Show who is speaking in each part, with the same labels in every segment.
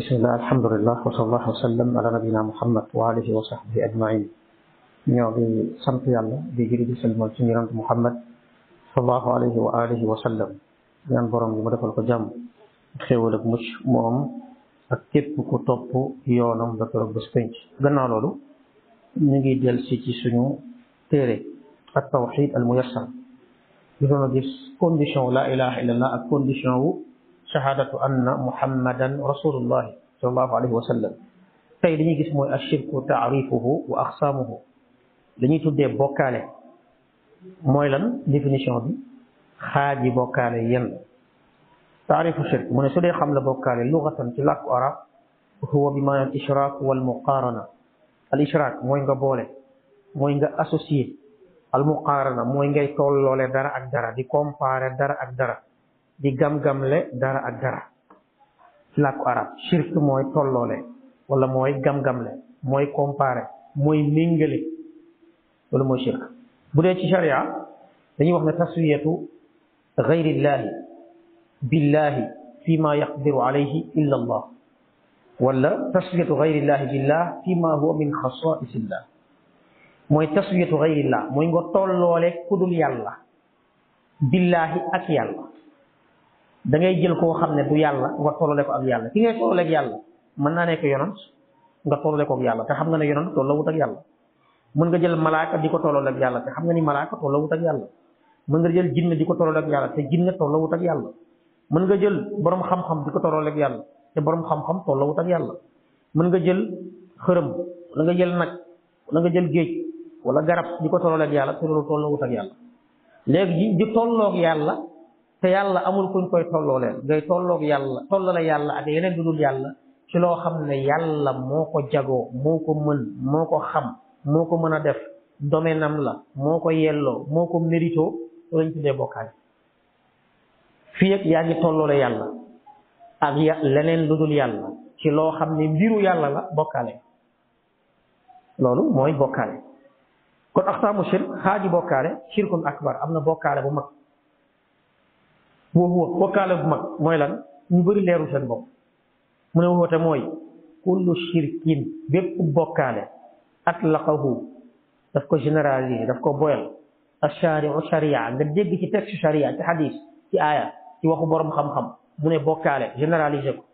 Speaker 1: بسم الله الحمد لله وصلى الله وسلم على نبينا محمد وآله وصحبه أجمعين نيوغي سنتي الله ديجري دي سلم الجميران محمد صلى الله عليه وآله وسلم نيان برم يمدف القجام خيول مش مهم أكيب كتبو يونم دكتور بسبنج غنى لولو نيجي ديال سيتي سنو تيري التوحيد الميسر يقولون ديس كونديشن لا إله إلا الله الكونديشن شهادة أن محمدا رسول الله صلى الله عليه وسلم تاي دي نيجيس موي الشرك تعريفه واقسامه دي ني تودي بوكالي موي لان ديفينيسيون بي خاجي بوكالي يال تعريف الشرك من سودي خامل بوكالي لغه في لاك عرب هو بما الاشراك والمقارنه الاشراك موي nga بولي موي nga associer المقارنه موي ngay تول لولي دارا اك دارا دي كومبارير دارا اك di gam gam le dara ak dara ci làkku arab shirk moy tolloole wala moy gam gam le moy comparer moy mingale wala moy shirk budé ci sharia dañuy wax na taswiyatu gayrillahi billahi fi ma yaqdiru alayhi illa allah ولا تسوية غير الله بالله فيما هو من خصائص الله موي تسوية غير الله موي نغو تولولك كودول يالا بالله اك يالا da ngay jël koo xam ne du yàlla nga tollale ko ak yàlla ki ngay tollale ak yàlla mën naa nekk yonant nga tollale ko yàlla te xam nga ne yonant tollawut ak yàlla mën nga jël malaaka di ko tollale ak yàlla te xam nga ni malaaka tollawut ak yàlla mën jël jinne di ko tollale ak yàlla te jinne tollawut ak yàlla man nga jël borom xam-xam di ko yàlla te borom xam-xam tollawut yàlla mën nga jël xërëm wala nga jël nag wala nga jël géej wala garab di ko tollale ak yàlla te loolu tollawut ak yàlla léegi di tolloog yàlla te yàlla amul kuñ koy tolloo ngay tolloog yàlla tollale yàlla ak yeneen dudul yàlla ci loo xam ne yàlla moo ko jagoo moo ko mën moo ko xam moo ko mën a def domaine am la moo ko yelloo moo ko mérito lañ tuddee bokkaale fii ak yaa ngi tolloole yàlla ak ya leneen ludul yàlla ci loo xam ne mbiru yàlla la bokkaale loolu mooy bokkaale kon axtaamu shirk xaaji bokkaale shirkun akbar am na bokkaale bu mag waxuwa wakkaala bu mag mooy lan ñu bëri leeru seen bopp mu ne waxuwate mooy kullu shirkin bépp bokkaale atlaqahu daf ko généraliser daf ko boyal ashariu sharia nga dégg ci texte sharia ci hadis ci aaya ci waxu borom xam-xam mu ne bokkaale généraliser ko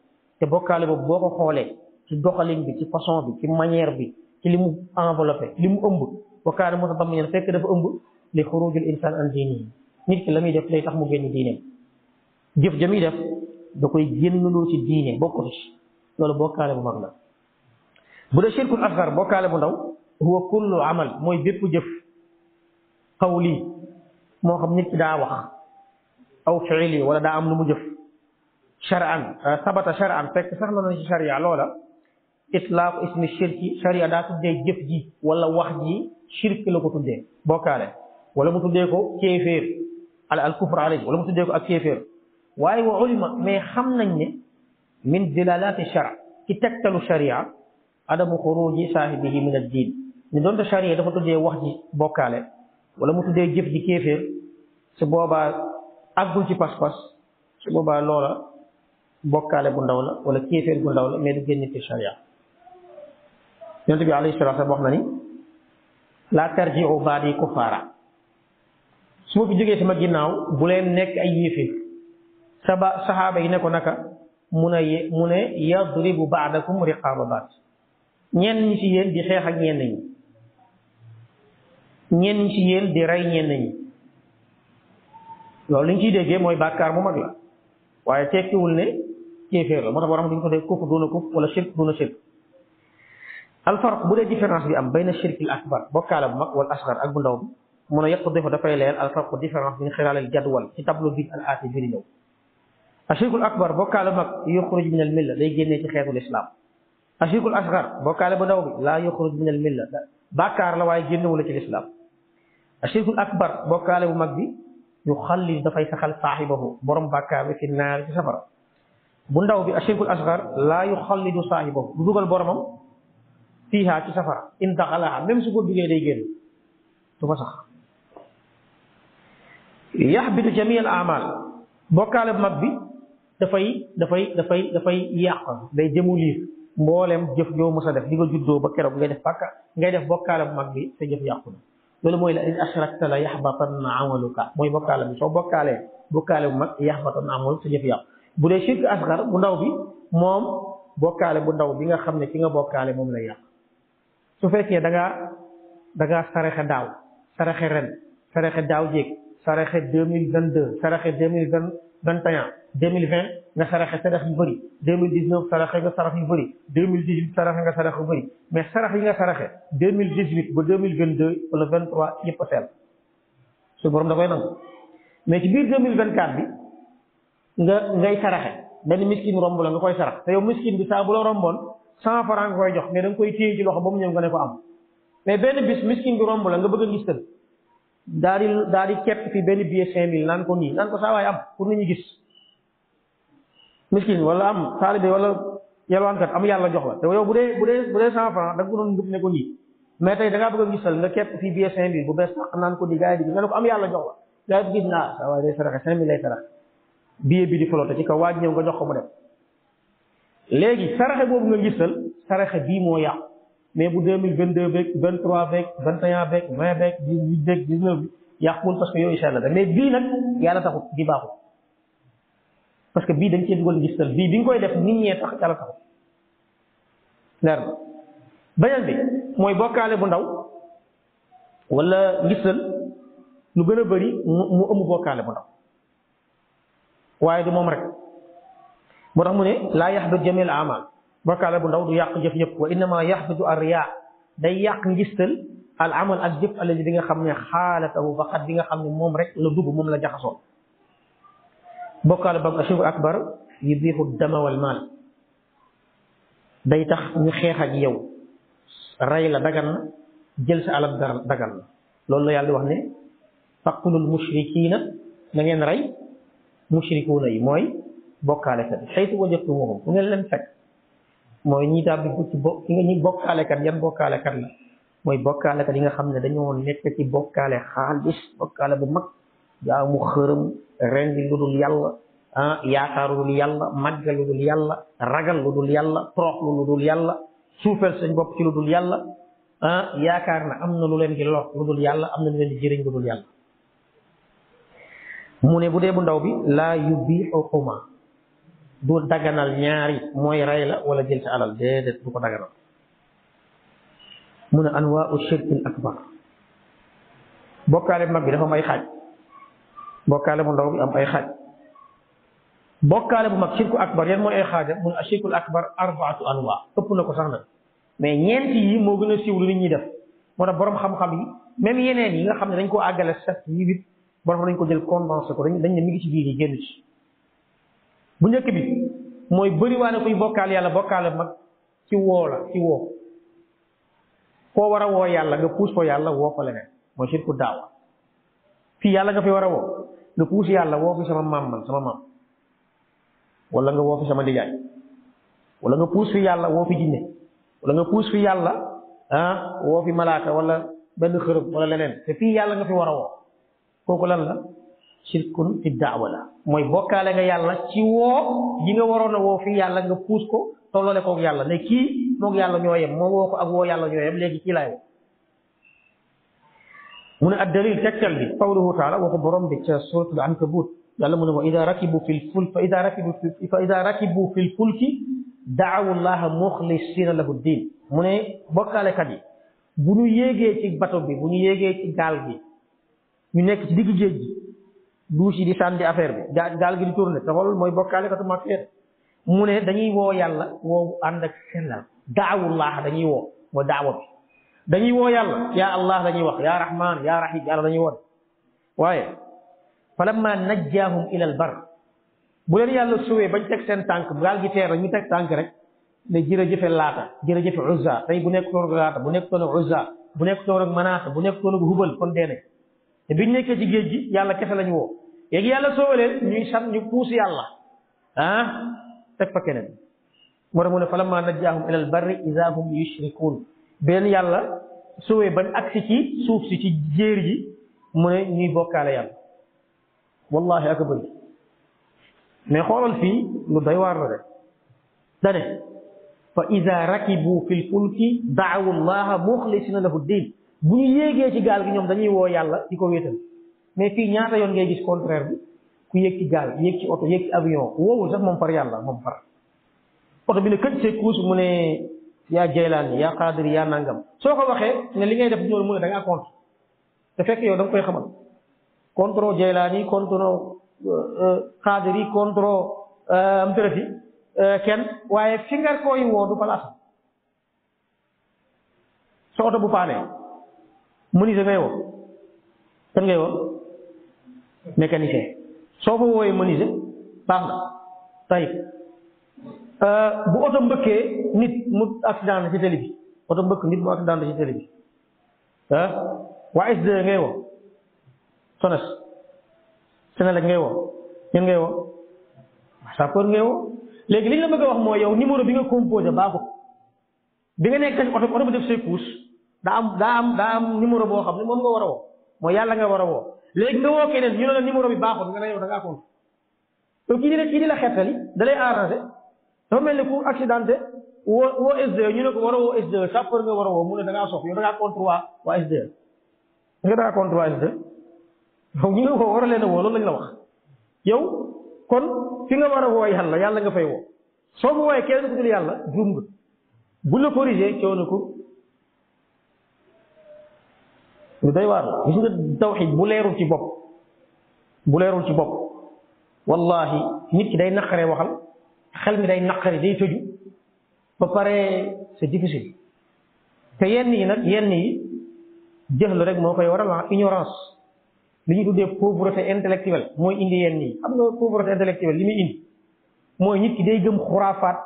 Speaker 1: te bokkaale boobu boo ko xoolee ci doxalin bi ci façon bi ci manière bi ci li mu enveloppé li mu ëmb bokkaale moo tax ba mu fekk dafa ëmb li xurujul insan an diinihi nit ki la muy def lay tax mu génn diineem jëf ja muy def da koy génnloo ci diine bokkatu ci loolu bokkaale bu mag la bu dee shirkul asgar bokkaale bu ndaw huwa kullu amal mooy bépp jëf qawli moo xam nit ki daa wax aw fiili wala daa am lu mu jëf shar'an euh, sabata shar'an fekk sax na nañ ci sharia loola itlaaqu ismi shirki sharia daa tuddee jëf ji wala wax ji shirk la ko tuddee bokkaale wala mu tuddee ko kéeféer al al kufr alayhi wala mu tuddee ak kéeféer waaye wa ulima mais xam nañ ne min dilalaati shar ci tegtalu sharia adamu xuruji saahibihi min ad diin ne doonte sharia dafa tuddee wax ji bokkaale wala mu tuddee jëf ji kéeféer su boobaa àggul ci pas-pas su boobaa loola bokkaale bu ndaw la wala kéeféer bu ndaw la mais du génn ci sharia yonent bi alayhi salaatu salaam wax na ni laa tarji'u ba'di kuffaara su ma fi jógee sama ginnaaw bu leen nekk ay yéeféer saba saxaaba yi ne ko naka mun a ye mu ne yadribu baadakum riqaaba baat ñenn ñi ci yéen di xeex ak ñenn ñi ñenn ñi ci yéen di rey ñenn ñi loolu li ciy déggee mooy bàkkaar bu mag la waaye tekkiwul ne kéeféer la moo tax borom duñ ko dee kufr duna kufr wala shirk duna shirk bu dee différence bi am bayna shirkil akbar bokkaale bu mag wala asgar ak bu ndaw bi mun a yaqtadifu dafay leer alfarq différence bi ñu xiraalal jadwal ci tableau bi al aati ashirkul akbar bokkaale mag yuxruj min al milla day génnee ci xeetul islam ashirkul asgar bokkaale bu ndaw bi laa yuxruj min al milla bàkkaar la waaye génnewula ci lislaam ashirkul akbar bokkaale bu mag bi yu xallis dafay saxal saaxibahu borom bàkkaar bi fi naar ci safara bu ndaw bi ashirkul asgar laa yu xallidu saaxibahu du dugal boromam fiihaa ci safara in daxalaha même su ko duggee day génn du fa sax yaxbitu jamii al amal bokkaale bu mag bi dafay dafay dafay dafay yàq day jëmu liir mboolem jëf joo mos a def di nga juddoo ba keroog ngay def bàkka ngay def bokkaala bu mag bi te jëf yàqu na loolu mooy la in ashrakta la yaxbatanna amaluka mooy bokkaala bi soo bokkaalee bokkaale bu mag yaxbatanna amaluka te jëf yàqu bu dee shirk asgar bu ndaw bi moom bokkaale bu ndaw bi nga xam ne ki nga bokkaale moom lay yàq su fekkee da ngaa da saraxe daaw saraxe ren saraxe daaw jéeg saraxe deux mille vingt deux saraxe deux vingt et un deux mille vingt nga saraxe sarax yu bëri deux mille dix neuf saraxe nga sarax yu bëri mais sarax yi nga saraxe deux mille dix huit ba deux mille vingt deux wala vingt trois yëpp a sell su borom da koy nangu mais ci biir deux mille vingt quatre bi nga ngay saraxe benn miskin romb la nga koy sarax te yow miskin bi saa bu la romboon cent franc nga koy jox mais da koy téye ci loxo ba mu ñëw nga ne ko am mais benn bis miskin bi romb la bëgg a daa di daa di kepp fi benn billet cinq mille naan ko nii naan ko saa am pour nit ñi gis miskin wala am taalibe wala yalwaankat am yàlla jox la te yow bu dee bu dee bu dee cent franc ne ko nii mais tey da ngaa bëgg a gisal nga kepp fii billet cinq mille bu bees sax naan ko di gaa yi di nga ne ko am yàlla jox la gars yi gis naa ah, saa waay day saraxe cinq mille lay saraxe billet bi di flotte ci kaw waaj ñëw nga jox ko mu dem léegi saraxe boobu nga gisal saraxe bii moo yàqu mais bu deux mille vingt deux beeg vingt trois beeg vingt et un beeg vingt beeg dix huit beeg dix neuf bi yàquwul parce que yooyu sell la mais bii nag yàlla taxut di baaxut parce que bii dañ cee dugal ngistal bii bi nga koy def nit ñee tax yàlla taxut leer na beneen bi mooy bokkaale bu ndaw wala ngistal lu gën a bëri mu mu ëmb bokkaale bu ndaw waaye du moom rek moo tax mu ne laa yaxdu jamil amal bokkaale bu ndaw du yàq jëf yëpp wa innama yaxbidu arriya day yàq ngistal al amal ak jëf alaji bi nga xam ne xaalatahu faqat bi nga xam ne moom rek la dugg moom la jaxasoo bokkaale ba ashirku akbar yudiixu dama wal maal day tax ñu xeex ak yow rey la dagan na jël sa alal dagan na loolu la yàlla di wax ne faqtulul mushrikiina na ngeen rey mushrikuuna yi mooy bokkaale kat xëytu wajatumuhum fu ngeen leen fekk mooy ñi tàbbi ci bo ñi bokkaalekat yan bokkaalekat la mooy bokkaalekat yi nga xam ne dañoo nekk ci bokkaale xaalis bokkaale bu mag jaamu xërëm rendi lu dul yàlla ah yaakaar lu dul yàlla màggal lu dul lu dul yàlla toroxlu ah, yaakaar na am na lu leen di lor lu dul yàlla am na lu leen jëriñ lu dul yàlla mu ne bu dee bu ndaw bi laa yubixu xuma du daganal ñaari mooy rey la wala jël sa alal déedéet du ko daganal mu ne anwaau shirkil akbar bokkaale mag bi dafa am ay xaaj bokkaale bu ndaw bi am ay xaaj bokkaale bu mag shirku akbar yan mooy ay xaajam mu ne ashirkul akbar arbaatu anwaa ëpp na ko sax nag mais ñeenti yi moo gën a siiw lu nit ñi def moo tax borom xam-xam yi même yeneen yi nga xam ne dañ koo àggale set yi bit borom dañ ko jël condensé ko dañ dañ ne mi ngi ci biir génn ci bu njëkk bi mooy bëriwaane kuy bokkaal yàlla bokkaale mag ci woo la ci woo koo war a woo yàlla nga puus ko yàlla woo ko leneen mooy sirku yàlla nga war a woo yàlla woo sama maam man sama maam wala nga woo sama ndijaay wala nga puus fi yàlla woo fi jinne wala nga puus fi yàlla ah woo fi malaaka wala benn xërëb wala leneen te fii yàlla nga fi war a woo lan la shirkun fi daawa la mooy bokkaale nga yàlla ci woo yi nga waroon a woo fii yàlla nga puus ko tolloole koog yàlla ne kii moog yàlla ñoo yem moo woo ko ak woo yàlla ñoo léegi kii laay woo mu ne ad dalil tegtal bi qawluhu taala waxu borom bi ca suratul ankabut yàlla mu ne wa ida rakibu fi lfulk fa ida rakibu fa ida rakibu fi daawu llaha muxlisina lahu ddin mu ne bokkaalekat yi bu ñu yéegee ci bato bi bu ñu yéegee ci gaal bi ñu nekk ci digg géej gi douche yi di sànni affaire bi gaal gaal gi di tourné te xool mooy bokkaale katu mafeet mu ne dañuy woo yàlla woo ànd ak sellal daawullah dañuy woo mooy daawa bi dañuy woo yàlla yaa allah dañuy wax yaa rahman yaa rahim yàlla dañuy woo waaye falamma najjaahum ilal bar bu leen yàlla suwee bañ teg seen tànk gaal gi teer ñu teg tànk rek ne jërëjëfe laata jërëjëfe uzza tey bu nekk toon ak laata bu nekk toon ak uzza bu nekk toon ak manaata bu nekk toon ak hubal kon dee nañ te biñ nekkee ci géej gi yàlla kese lañu woo léegi yàlla soowaleen ñuy san ñu puus yàlla ah teg fa keneen moo tax mu ne falamma najjaahum ilal idaa hum yushrikuun benn yàlla soowee ban agsi ci suuf si ci jéer ji mu ne ñuy bokkaale yàlla wallahi ak bëri mais xoolal fii lu doy waar la de dane fa idaa rakibu fil fulki daawu allaha muxlisina lahu diin bu ñu yéegee ci gaal bi ñoom dañuy woo yàlla di ko wéetal mais fii ñaata yoon ngay gis contraire bi ku yéeg ci gaal yéeg ci oto yéeg ci avion woowul sax moom far yàlla moom far oto bi ne këj see kuus mu ne yaa jaylaani yaa xaadir yaa nangam soo ko waxee ne li ngay def ñoonu mu ne da contre te fekk yow da koy xamal contre jaylaani contre xaadir euh, euh, yi contre euh, am tërëfi kenn waaye fi nga koy woo du palaasam sa oto bu paanee menuisier ngay woo kan ngay woo mécanicien soo ko wooyee menuisier baax na euh, bu oto mbëkkee nit mu accident ci télé bi mbëkk nit mu accident ci télé bi ah waa SDE ngay woo SONES Senelec ngay woo ñun ngay woo sapeur ngay woo léegi li ñu la bëgg a wax mooy yow numéro bi nga composé baaxul bi nga nekk oto oto bi def say course daa am daa am boo xam ne moom nga war a woo moo yàlla nga war a woo léegi nga woo keneen ñu ne la numéro bi baaxul nga ne yow da ngaa compte donc kii di la kii xettali da lay arrangé mel ni ku accidenté woo woo SDE ñu ne ko war a woo SDE sapeur nga war a woo mu ne da ngaa yow da ngaa waa waa SDE nga da ngaa waa SDE war a leen a la wax yow kon fi nga war a woo yàlla yàlla nga fay woo soo ko woowee keneen ku dul yàlla juum nga bu la corrigé coono ko lu day waar la gis nga bu leerul ci bopp bu leerul ci bopp wallahi nit ki day naqaree waxal xel mi day naqare day tëju ba pare c'est difficile te yenn yi nag yenn yi jëxlu rek moo koy waral wax ah, ignorance li ñu tuddee pauvreté intellectuelle mooy indi yenn yi xam nga pauvreté intellectuelle li muy indi mooy nit ki day gëm xuraafaat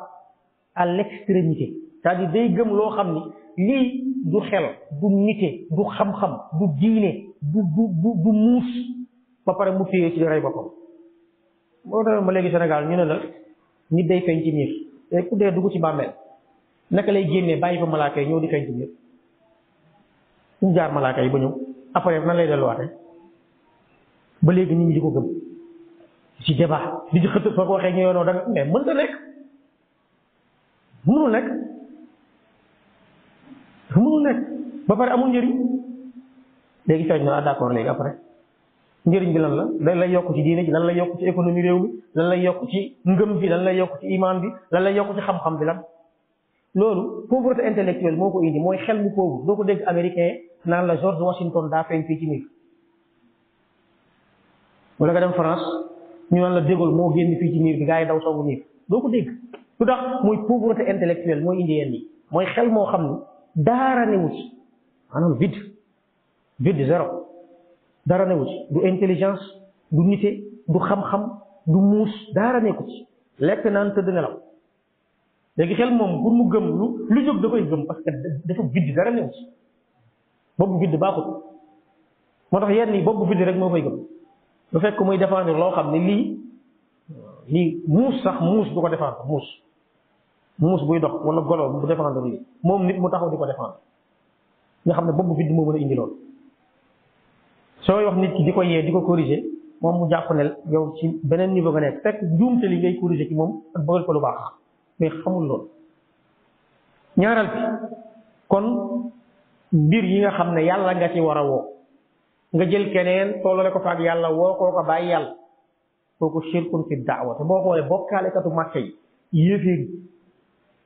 Speaker 1: à l'extrémité c'est-à-dire day gëm loo xam ni lii du xel du nite du xam-xam du diine du du du muus ba pare mu téye ci rey boppam moo tax ma léegi Sénégal ñu ne la nit day feeñ ci niir te ku dee dugg ci bàmmeel naka lay génnee bàyyi fa malaaka yi ñëw di feeñ ci niir ñu jaar malaaka yi ba ñëw après nan lay delluwaatee ba léegi nit ñi di ko gëm ci débat di ci xëtt soo ko waxee ñu yoonoo da nga mais mënta nekk mënul nekk dafa mënul nekk ba pare amul njëriñ léegi cooj na ah d'accord léegi après njëriñ bi lan la lan lay yokk ci diine ji lan lay yokk ci économie réew mi lan lay yokk ci ngëm bi lan lay yokk ci imaan bi lan lay yokk ci xam-xam bi lan loolu pauvreté intellectuelle moo ko indi mooy xel mu pauvre doo ko dégg américain naan la George Washington daa feeñ fii ci néeg wala nga dem la De Gaulle moo génn niir bi gars yi daw soogu niir doo ko dégg lu tax mooy pauvreté intellectuelle mooy indi yenn yi mooy xel moo xam ni daara newu ci maanaam vide vide zéro daara newu ci du intelligence du nite du xam-xam du muus daara nekku ci lekk naan tëdd nelaw léegi xel moom pour mu gëm lu lu jóg da koy gëm parce que dafa vide dara newu ci boobu vide baaxut moo tax yenn yi boobu vide rek moo koy gëm lu fekk muy défendre loo xam ne lii lii muus sax muus du ko défendre muus muus buy dox wala golo bu défendre lii moom nit mu taxaw di ko défendre nga xam ne boobu bi moo mën a indi loolu sooy wax nit ki di ko yee di ko corriger moom mu jàpp ne yow ci beneen niveau nga nekk fekk njuumte li ngay corriger ci moom ak bëggal ko lu baax mais xamul loolu ñaaral bi kon mbir yi nga xam ne yàlla nga ci war a woo nga jël keneen tollale ko faak yàlla woo koo ko bàyyi yàlla kooku shirkun fi daawa te boo xoolee bokkaalekatu màkke yi yéeféer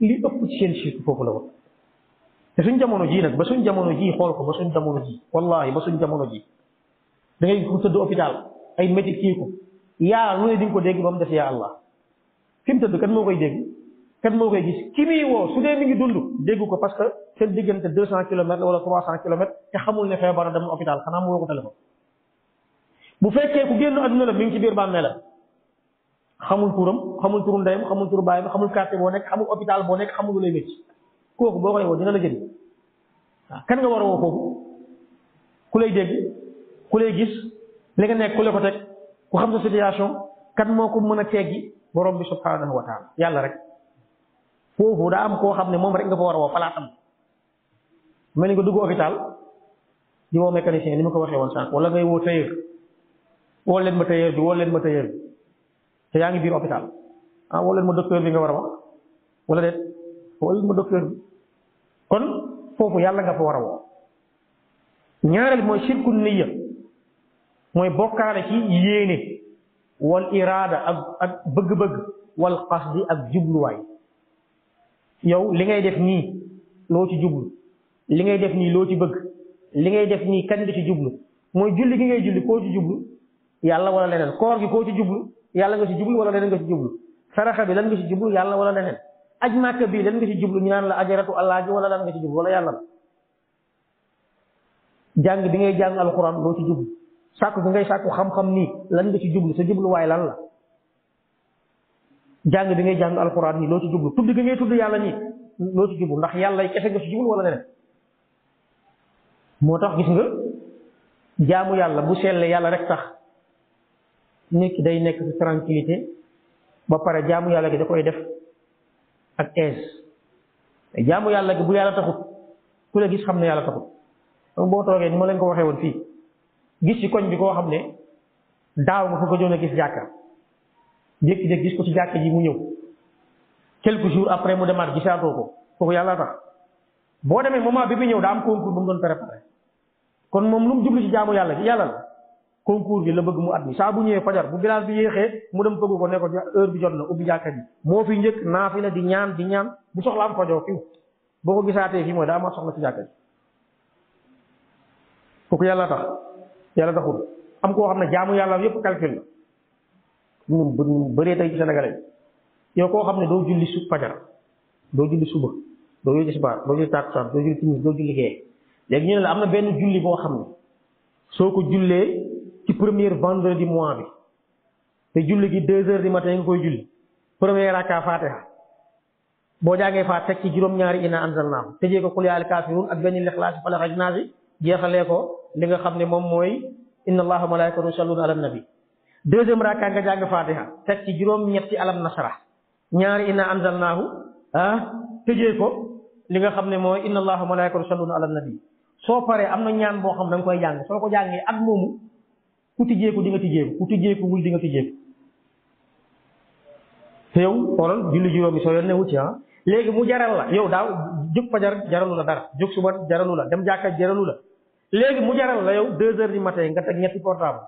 Speaker 1: li ëpp ci seen shirk foofu la woon te suñ jamono ji nag ba suñ jamono ji xool ko ba suñ jamono ji wallahi ba suñ jamono ji da ngay ko tëdd hôpital ay métit kii ko yaa lu ne di nga ko dégg ba mu def yaa allah moo koy dégg kan moo koy gis woo su dee mi ngi dund dégg ko parce que seen diggante deux cent kilomètres wala trois cent kilomètres te xamul ne feebar na dem hôpital xanaa mu woo ko bu fekkee ku génn adduna la mi ngi ci biir bàmmee la xamul turam xamul turu ndeyam xamul turu baayam xamul quartier boo nekk xamul hôpital boo nekk xamul lu lay métti kooku boo koy woo dina la jëriñ waaw kan nga war a woo kooku ku lay dégg ku lay gis li nga nekk ku la ko teg ku xam sa situation kan moo ko mën a teggi borom bi subhanahu wa taala yàlla rek foofu daa am koo xam ne moom rek nga fa war a woo palaatam mel ni nga dugg hôpital di woo ni ma ko waxee woon sànq wala ngay woo tailleur woo leen ma tailleur bi woo leen ma tailleur bi te yaa ngi biir hôpital ah woo leen ma bi nga war a wax wala déet woo leen ma bi kon foofu yàlla nga fa war a woo ñaareel mooy shirku niyya mooy bokkaale ci yéene wal iraada ak ak bëgg-bëgg wal qasdi ak jubluwaay yow li ngay def nii loo ci jublu li ngay def nii loo ci bëgg li ngay def nii kan nga ci jublu mooy julli ki ngay julli koo ci jublu yàlla wala leneen koor gi koo ci jublu yalla nga ci jublu wala leneen nga ci jublu saraxa bi lan nga ci jublu yalla wala leneen aj bi lan nga ci jublu ñu naan la ajratu allah ji wala lan nga ci jublu wala yalla jang bi ngay jang alquran do ci jublu sakku bi ngay sakku xam-xam ni lan nga ci jublu sa way lan la jang bi ngay jang alquran ni loo ci jublu tuddi ngay tudd yalla ni loo ci jublu ndax ay kese nga ci jublu wala leneen motax gis nga jaamu yalla bu selle yalla rek tax nit day nekk ci tranquillité ba pare jaamu yàlla gi da koy def ak aise jaamu yàlla gi bu yàlla taxut ku la gis xam ne yàlla taxut donc boo toogee ni ma leen ko waxee woon fii gis ci koñ bi koo xam ne daaw nga fa gëjoon a gis jàkka jékki-jékki gis ko ci jàkka ji mu ñëw quelques jour après mu demaat gisaatoo ko kooku yàlla tax boo demee moment bi mu ñëw daa am concours bu mu doon préparé kon moom lu mu jublu ci jaamu yàlla gi yàlla la concours bi la bëgg mu at mi saa bu ñëwee fajar bu bilaal bi yéexee mu dem fëggu ko ne ko heure bi jot na ubbi jàkka ji moo fi njëkk naafi la di ñaan di ñaan bu soxla am fajoo fiw boo ko gisaatee fii mooy daa ma soxla ci jàkka ji kooku yàlla tax yàlla taxul am koo xam ne jaamu yàlla yëpp calcul la ñun ñun bëree tey koo xam ne doo julli su fajar doo julli suba doo julli tisbaar doo doo julli timis doo julli gee léegi ñu ne la am na benn julli boo xam ne soo ko jullee ci première vendredi mois bi te julli gi deux heures du matin nga koy julli premier rakka fatiha boo jàngee fa teg ci juróom-ñaari ina anzalnaahu tëjee ko qul yaa al kaafiruun ak benn lixlaasi falax ak naasi ko li nga xam ne moom mooy inna allaha malaikatu yusalluuna ala nabi deuxième rakka nga jàng fatiha teg ci juróom-ñetti alam nasara ñaari ina anzalnaahu ah tëjee ko li nga xam ne mooy inna allaha malaikatu yusalluuna ala nabi soo paree am na ñaan boo xam da nga koy jàng ku tijjeeku di nga tijjeeku ku tijjeeku wul di nga tijjeeku te yow xoolal julli juróomi soo yoon ne wuti ah léegi mu jaral la yow daaw jóg fajar jaralu la dara jóg suba jaralu la dem jàkka jaralu la léegi mu jaral la yow deux heures du matin nga teg ñetti portable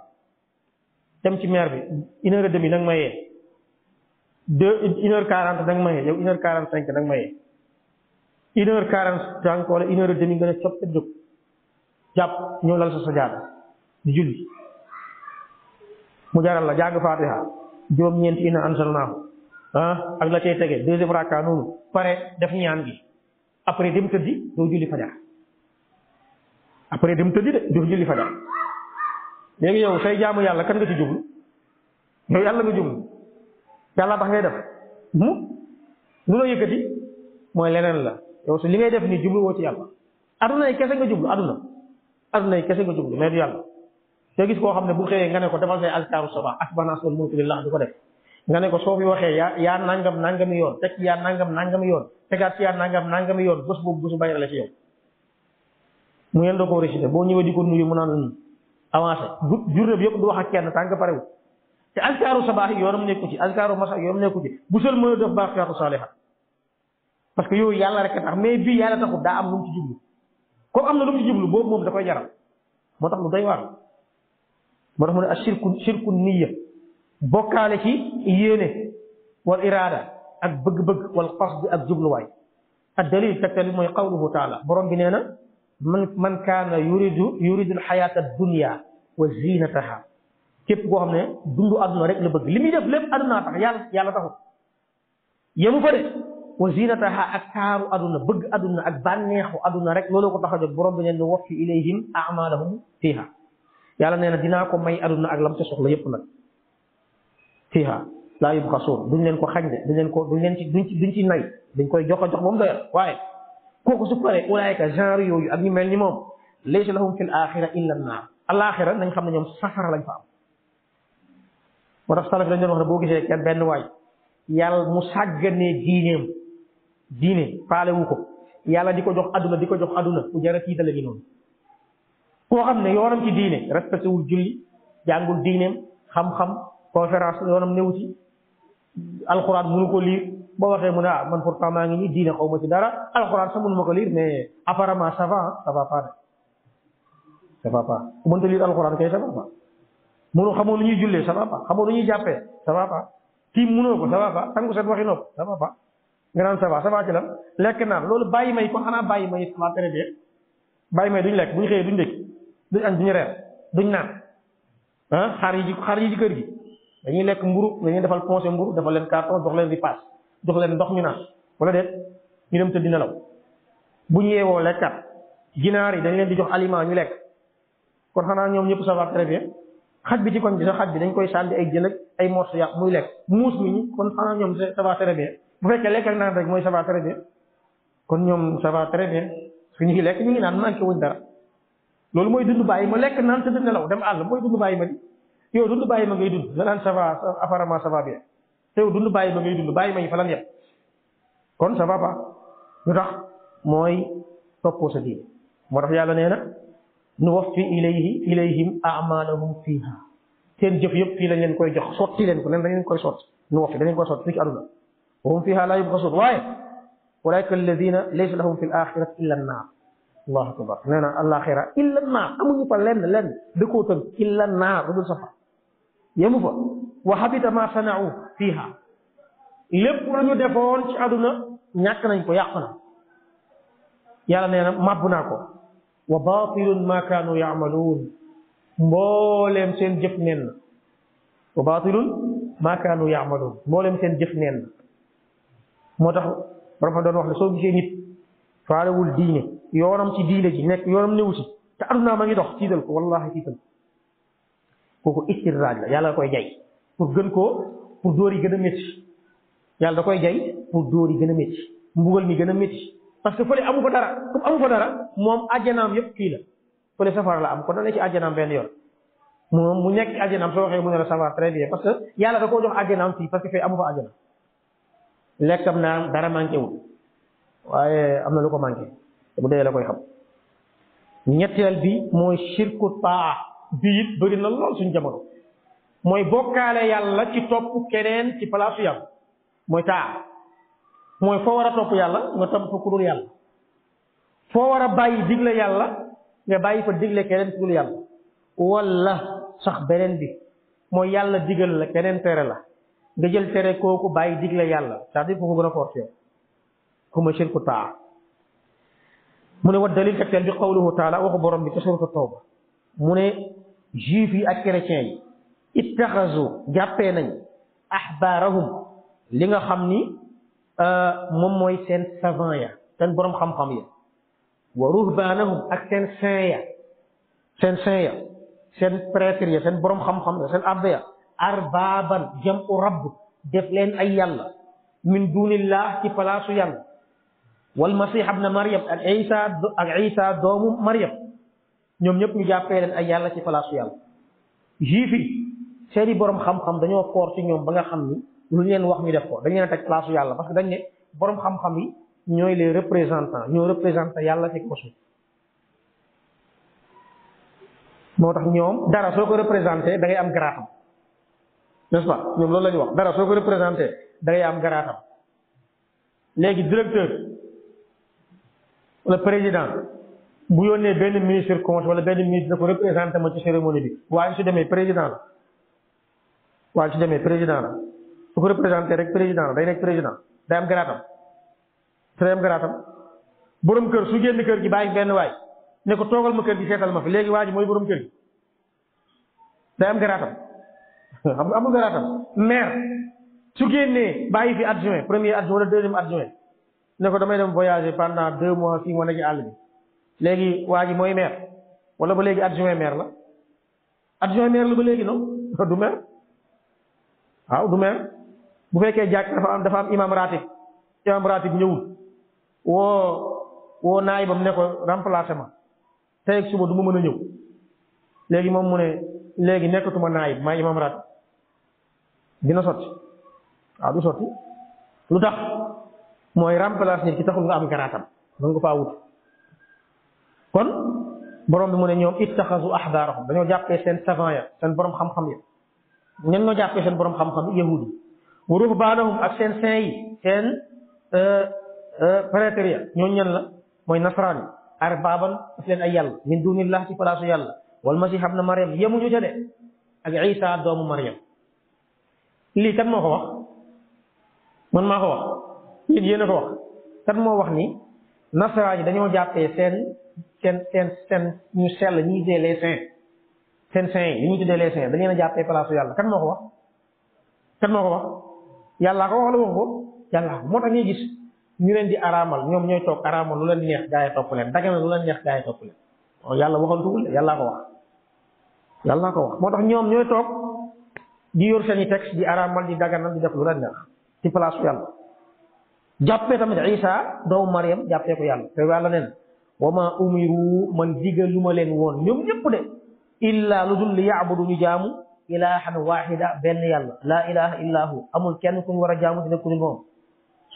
Speaker 1: dem ci maire bi une heure et demie nag ma yee deux quarante nag ma yee yow une heure quarante cinq nag ma yee quarante cinq wala une heure et nga ne coppite jóg jàpp ñëw lal sa sa di julli mu jaral la jàng fatiha juróom-ñeenti inna ansalnaahu ah ak la cay tege deuxième rakka noonu pare def ñaan gi après dem tëddi doo julli fajar après dem tëddi léegi yow say jaamu yàlla kan nga ci jublu yow yàlla nga jublu yàlla tax ngay def mu hmm? lu la yëkkati mooy leneen la yow su li ngay def nii jublu woo ci yàlla aduna yi kese nga jublu aduna aduna yi kese nga jublu mais du yàlla te gis koo xam ne bu xëyee nga ne ko defal say azkaaru sabaa asbanas wal mulk lillah ko def nga waxee yaa yaa nangam nangami yoon teg yaa nangam yoon tegaat ci yaa nangam yoon bés boobu bésu bayra la mu ngeen doo ko boo ñëwee di ko nuyu mu naan hmm, avancé journée bi yëpp du wax ak kenn tànk parewul te azkaaru sabaax yi yoonam nekku ci azkaaru masa yoonam nekku ci bu sel mën a def baaqiyaatu saalihaat parce que yooyu yàlla rek a tax mais bii yàlla taxul daa am lu mu ci jublu comme am na lu mu ci jublu boobu moom da koy jaral moo tax lu doy waar moo tax mu ne ak shirku shirku niya bokkaale ci yéene wal iraada ak bëgg-bëgg wal qasd ak jubluwaay ak dalil tegtal mooy qawluhu taala borom bi nee na man man kaana yuridu yuridu alxayaata dunia wa zinataha képp koo xam ne dundu aduna rek la bëgg li muy def lépp aduna tax yàlla yàlla taxul yemu fa de wa zinataha ak taaru aduna bëgg aduna ak bànneexu aduna rek loolu ko tax a jóg borom bi nee na wafi ilayhim amalahum fiha yàlla nee na dinaa ko may aduna ak lam ca soxla yépp nag fiha laa yubxasuun duñ leen ko xañ de duñ leen ko duñ leen ci duñ ci duñ ci nay dañ koy jox a jox ba doyal waaye kooku su paree ulaayka genre yooyu ak ñu mel ni moom laysa lahum fi l axira illa naar alaxira nañ xam ne ñoom safara lañ fa am moo tax salaf dañ doon wax ne boo gisee kenn benn waay yàlla mu sàggane diineem diine faale wu ko yàlla di ko jox aduna di ko jox aduna bu jara tiitale gi noonu koo xam ne yoonam ci diine respecté wul julli jàngul diineem xam-xam conférence yoonam newuti alxuraan mënu ko liir boo waxee mun ne ah man pourtant maa ngi nii diine xaw ma ci dara alxuraan sax mënu ma ko liir mais apparemment ça va ça va pas ça va pas kay ça va pas mënu xamoo nu ñuy jullee ça va pas xamoo nu ñuy jàppee ça va pas kii mënoo ko ça va pas set waxi nopp ça va pas nga naan ci lan lekk naan loolu bàyyi may ko xanaa bàyyi may ça va très bien bàyyi may duñ lekk buñ duñ añ duñu duñ naan ah xaar yi ci xaar yi ci kër gi dañuy lekk mburu dañuy defal poncé mburu defal leen carton jox leen ripaas jox leen ndox ñu naan wala de ñu dem tëdd nelaw bu ñu yeewoo lekkat ginaar yi dañ leen di jox aliment ñu lekk kon xanaa ñoom ñëpp ça va très xaj bi ci koñ bi sax xaj bi dañ koy sànni ay jël ak ay morceaux yàpp muy lekk muus mi ñi kon xanaa ñoom ça va très bu fekkee lekk naa naan rek mooy ça va kon ñoom ça va su ñu ngi lekk ngi naan manqué wuñ dara lolou moy dund bàyyi ma nan te dund nelaw dem àll moy dund bàyyi ma di yow dund bàyyi ma ngay dund nga nan safa va apparemment ça va te yow dund bàyyi ma ngay dund bàyyi ma yi fa lan yem kon safa ba pas lu tax mooy toppoo sa di mo tax yàlla neena nu wafi ilayhi ilayhim a'maluhum fiha sen jëf yëpp fi lañ leen koy jox soti leen ko nen dañ leen koy sotti nu wafi dañ leen koy sotti ci aduna hum fiha la yubxasun waaye walaika alladhina laysa lahum fil akhirati illa an-nar allahu akbar nee na alaxira illa naar amuñu fa lenn illa naar dudul safara yemu fa wa habita ma sana'u fiha lépp la ñu defoon ci àdduna ñàkk nañ ko yàqu na yàlla nee na ko wa batilun ma kaanu yaamaluun mbooleem seen jëf neen na wa batilun ma kaanu yaamaluun mbooleem seen jëf neen moo tax borom doon wax ne soo gisee nit faalewul diine yoonam ci diine ji nekk yoonam newu si te aduna ma ngi dox tiital ko wallahi tiital ko kooku la yàlla da koy jay pour gën koo pour dóor yi gën a métti yàlla da koy jay pour dóor yi gën a métti mbugal mi gën a métti parce que fële amu fa dara comme amu fa dara moom ajjanaam yëpp kii la fële safara la am kon dana ci ajjanaam benn yoon mu nekk ajjanaam soo waxee parce que yàlla da koo jox ajjanaam fii parce que fee amu fa ajjanaam lekkam naa dara manqué waaye am na lu ko manqué te bu dee la koy xam ñetteel bi mooy shirku taa bi it lool suñ jamono mooy bokkaale yàlla ci topp keneen ci palaasu yàlla mooy taa mooy foo war a topp yàlla nga topp fa yàlla foo war a bàyyi digle yàlla nga bàyyi fa digle keneen ku yàlla wala sax beneen bi mooy yàlla digal la keneen tere la nga jël tere kooku bàyyi digle yàlla c'est-à-dire foofu gën a forcé ku ma shirku taa mune wa dalil tegteel bi qawluhu taala wa khabaram bi kasrat at tawba mune jifi ak chrétien yi ittakhazu jappé nañ ahbarahum li nga xamni euh mom moy sen savant ya sen borom xam-xam ya wa ruhbanahum ak sen saint ya sen saint ya sen prêtre ya sen borom xam-xam ya seen abbe ya arbaban jam'u rabb def len ay yàlla min dunillah ci palaasu yàlla والمسيح ابن مريم عيسى عيسى دوم مريم نيوم نيب ني جابي لن اي يالا سي بلاص يالا جيفي سيري بوروم خام خام دانيو فور سي نيوم باغا خامني لو نين واخ ني ديفكو دانيو تاج بلاص يالا باسكو دانيو بوروم خام خامي نيوي لي ريبريزانتان نيو ريبريزانتان يالا سي كوسو موتاخ نيوم دارا سوكو ريبريزانتي داغي ام غراتام نيسبا نيوم لول لاني واخ دارا سوكو ريبريزانتي داغي ام غراتام لغي ديريكتور wala président bu yónnee benn ministre compte wala benn ministre da ko représenté ma ci cérémonie bi waaye su demee président la waaye si demee président la su ko représenté rek président la day nekk président day am garaatam day am garaatam borom kër su génn kër gi bàyyi benn waay ne ko toogal ma kër gi seetal ma fi léegi waa mooy borom kër gi day am garaatam amul garaatam maire su génnee bàyyi fi adjoint premier adjoint wala deuxième ne damay dem voyager pendant deux mois fii ma nekk ci àll bi léegi waa ji mooy meer wala ba léegi adjoint maire la adjoint maire la ba léegi noonu du maire waaw du maire bu fekkee jàkk dafa am dafa am imam ratib imam ratib ñëwul woo woo naay bam ne ko ma tey ak suba du ma mën a ñëw léegi moom mu ne léegi nekkatuma naayib maa imam ratib dina sotti waaw du sotti lu tax mooy remplace nit ki taxul nga am garaatam mën nga faa wut kon borom bi mu ne ñoom ittaxasu ahbaarahum dañoo jàppee seen savant ya seen boroom xam-xam ya ñen ñoo jàppee seen borom xam-xam yahudi wa ruhbaanahum ak seen saint yi seen euh, euh, prêtre ya ñoo ñen la mooy nasaraan yi arbaaban daf leen ay yàlla min dunillah ci palaasu yàlla wal masih ibn maryam yemuñu ca de ak isa doomu maryam lii kan moo ko wax man ko wax yéen yéen a ko wax kat moo wax ni nasaraan yi dañoo jàppee seen seen seen seen ñu sell ñuy dee les saints seen saints yi li ñuy tuddee les saints dañu leen a jàppee place yàlla kat moo ko wax kat moo ko wax yàllaa ko wax moo tax ngay gis ñu leen di araamal ñoom ñooy toog araamal lu leen neex gaa yi topp leen daganal lu leen neex gaa yi topp leen oh, yàlla waxantuwul yàllaa ko wax yàllaa ko wax moo tax ñoom ñooy toog di yor seen yi texte di araamal di daganal di def lu leen neex ci place yàlla jàppee tamit Isa doomu Mariam jàppee ko yàlla te yàlla nee na ma umiru man digal lu ma leen woon ñoom ñëpp de illa lu dul li yaabudu ñu jaamu ilaahan waahida benn yàlla laa ilaha illa hu amul kenn ku ñu war a jaamu dina ku ñu moom